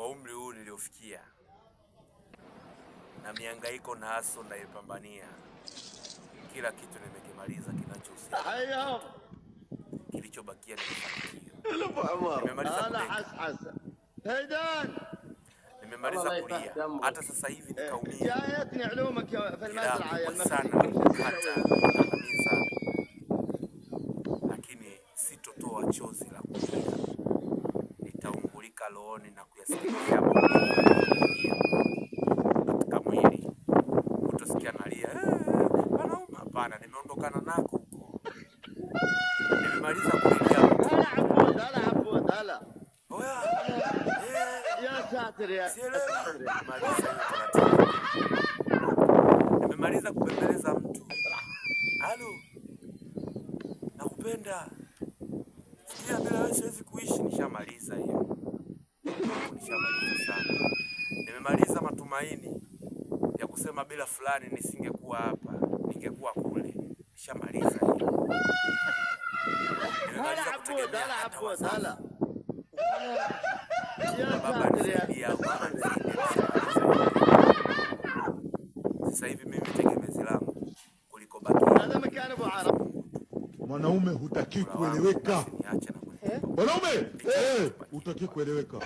kwa umri huu niliofikia na miangaiko na haso naipambania, kila kitu nimekimaliza kinachohusiana, kilichobakia ni mafanikio. Nimemaliza kulia, hata sasa hivi eh, nikaumia sana, lakini sitotoa chozi rohoni na kuyasikia katika mwili, utasikia nalia wanauma. Eh, Hapana, nimeondokana nako huko, nimemaliza kuingia nimemaliza kupembeleza mtu. Halo, nakupenda, sikia, bila wewe siwezi kuishi, nishamaliza yangu nishamaliza sana. Nimemaliza matumaini ya kusema bila fulani nisingekuwa hapa, ningekuwa kule. Nishamaliza hiyo. sasa hivi mimi tegemezi langu kuliko baki. Mwanaume hutakiwi kueleweka. Mwanaume eh! utaki kueleweka.